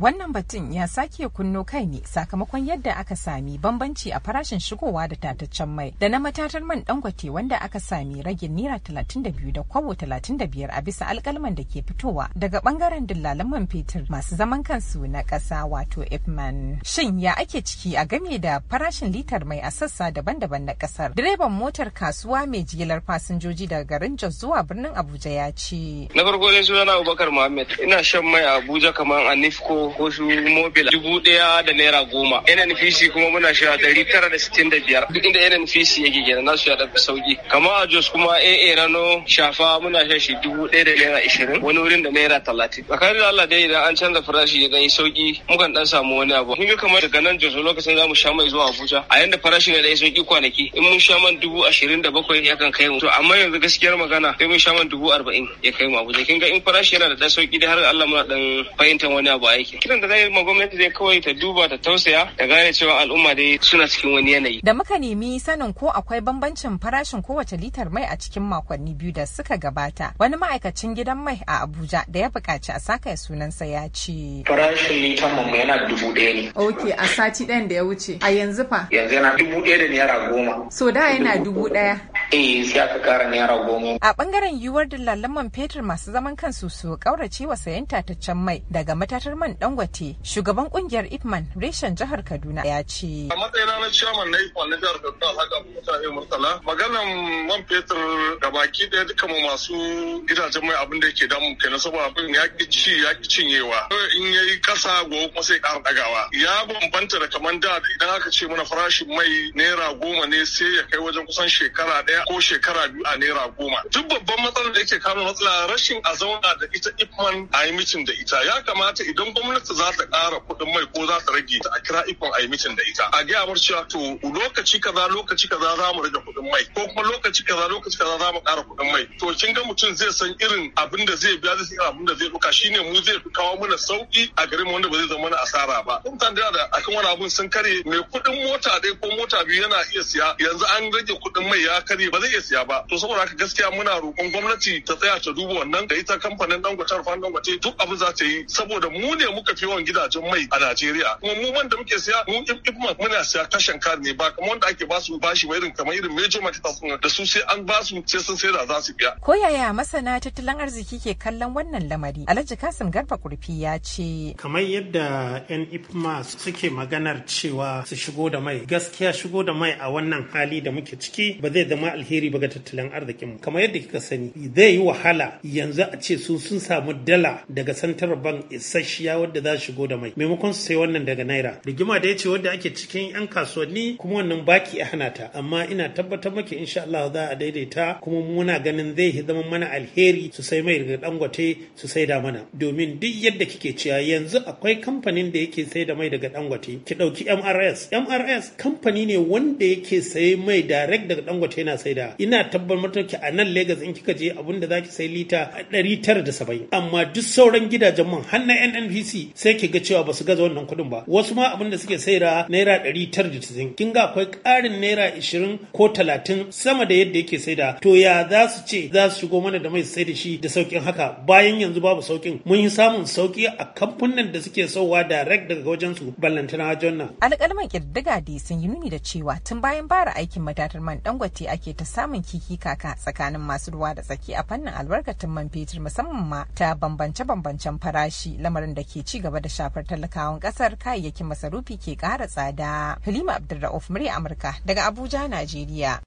Wannan batun ya sake kunno kai ne sakamakon yadda aka sami bambanci a farashin shigowa da tataccen mai da na matatar man dangote wanda aka sami ragin naira 32 da kwabo 35 a bisa alkalman da ke fitowa daga bangaren dillalan man fetur masu zaman kansu na ƙasa wato Ipman. Shin ya ake ciki a game da farashin litar mai a sassa daban-daban na ƙasar? Direban motar kasuwa mai jigilar fasinjoji daga garin Jos zuwa birnin Abuja ya ce. Na farko dai sunana Abubakar Muhammad ina shan mai a Abuja kamar a Nifko ko su mobila dubu daya da naira goma nnpc kuma muna shi a dari tara da sittin da biyar duk inda nnpc yake gina nasu ya ɗafi sauki kamar a jos kuma aa rano shafa muna shan shi dubu daya da naira ishirin wani wurin da naira talatin tsakanin da allah dai idan an canza farashi ya dan yi sauki mukan dan samu wani abu kun yi kamar daga nan jos lokacin za mu sha mai zuwa abuja a yanda farashi ya ɗan yi sauki kwanaki in mun sha man dubu ashirin da bakwai yakan kai mu to amma yanzu gaskiyar magana sai mun sha man dubu arba'in ya kai mu abuja kin ga in farashi yana da dan sauki da har allah muna dan fahimtar wani abu aiki kiran da zai ma gwamnati zai kawai ta duba ta tausaya ta gane cewa al'umma dai suna cikin wani yanayi. Da muka nemi sanin ko akwai bambancin farashin kowace litar mai a cikin makonni biyu da suka gabata. Wani ma'aikacin gidan mai a Abuja da ya buƙaci a saka sunansa ya ce. Farashin litar mu yana dubu ɗaya ne. Ok a sati ɗayan da ya wuce. A yanzu fa? Yanzu yana dubu ɗaya da naira goma. So da yana dubu ɗaya. eh sai aka kara naira goma. A bangaren yiwuwar dillalan man fetur masu zaman kansu su kaurace wa sayan tataccen mai daga matatar man Dangote. Shugaban kungiyar Ipman reshen jihar Kaduna ya ce. A matsayina na chairman na Ipman na jihar Kaduna Alhaji mutane Murtala maganan man fetur da baki daya duka mu masu gidajen mai abin da yake damu kenan saboda abin ya ki ci ya ki cinyewa. In yayi kasa gobe kuma sai ƙara ɗagawa. Ya bambanta da kamar da idan aka ce mana farashin mai naira goma ne sai ya kai wajen kusan shekara ɗaya daya ko shekara biyu a naira goma duk babban matsalar da yake kama matsala rashin a zauna da ita ifman a yi mitin da ita ya kamata idan gwamnati za ta ƙara kuɗin mai ko za ta rage ta a kira ifman a yi mitin da ita a gaya mar cewa to lokaci kaza lokaci kaza za mu rage kuɗin mai ko kuma lokaci kaza lokaci kaza za mu ƙara kuɗin mai to kin ga mutum zai san irin abin da zai biya zai san abin da zai ɗauka shine mu zai fi kawo mana sauki a garin wanda ba zai zama na asara ba mutane da akan wani abun sun kare mai kuɗin mota ɗaya ko mota biyu yana iya siya yanzu an rage kuɗin mai ya karye ba zai iya siya ba to saboda haka gaskiya muna roƙon gwamnati ta tsaya ta duba wannan da ita kamfanin dangote rufan dangote duk abu za ta yi saboda mu ne muka fi yawan gidajen mai a Najeriya kuma mu man da muke siya mu ifman muna siya kashin kar ne ba kamar wanda ake basu bashi ba irin kamar irin major market da su sai an basu sai sun sai da za su biya ko yaya masana tattalin arziki ke kallon wannan lamari Alhaji Kasim Garba Kurfi ya ce kamar yadda 'yan ifma suke maganar cewa su shigo da mai gaskiya shigo da mai a wannan hali da muke ciki ba zai zama alheri ba ga tattalin arzikin kamar yadda kika sani zai yi wahala yanzu a ce su sun samu dala daga santar bank isasshiya wadda za shigo da mai maimakon su sai wannan daga naira rigima da ya ce wadda ake cikin yan kasuwanni kuma wannan baki a hana ta amma ina tabbatar maki insha Allah za a daidaita kuma muna ganin zai zama mana alheri su sai mai daga dangote su saida mana domin duk yadda kike cewa yanzu akwai kamfanin da yake sai da mai daga dangote ki dauki MRS MRS kamfani ne wanda yake sai mai direct daga dangote na saida ina tabbar ki a nan Legas in kika je abun da zaki sai lita 970 amma duk sauran gidajen mun har na NNPC sai ki ga cewa basu gaza wannan kudin ba wasu ma abin da suke saida naira 990 kin ga akwai karin naira 20 ko 30 sama da yadda yake saida to ya za su ce za su shigo mana da mai sai da shi da saukin haka bayan yanzu babu saukin mun yi samun sauki a kamfunan da suke sauwa direct daga wajen su ballantana wajen nan alƙalman ƙirdiga sun yi nuni da cewa tun bayan bara aikin madatar man dangote ake ta samun kiki kaka tsakanin masu ruwa da tsaki a fannin albarkatun man fetur musamman ma ta bambance-bambancen farashi lamarin da ke ci gaba da shafar talakawan kasar kayayyakin masarufi ke ƙara tsada. Halima Abdulra'uf murya Amurka daga Abuja, Najeriya.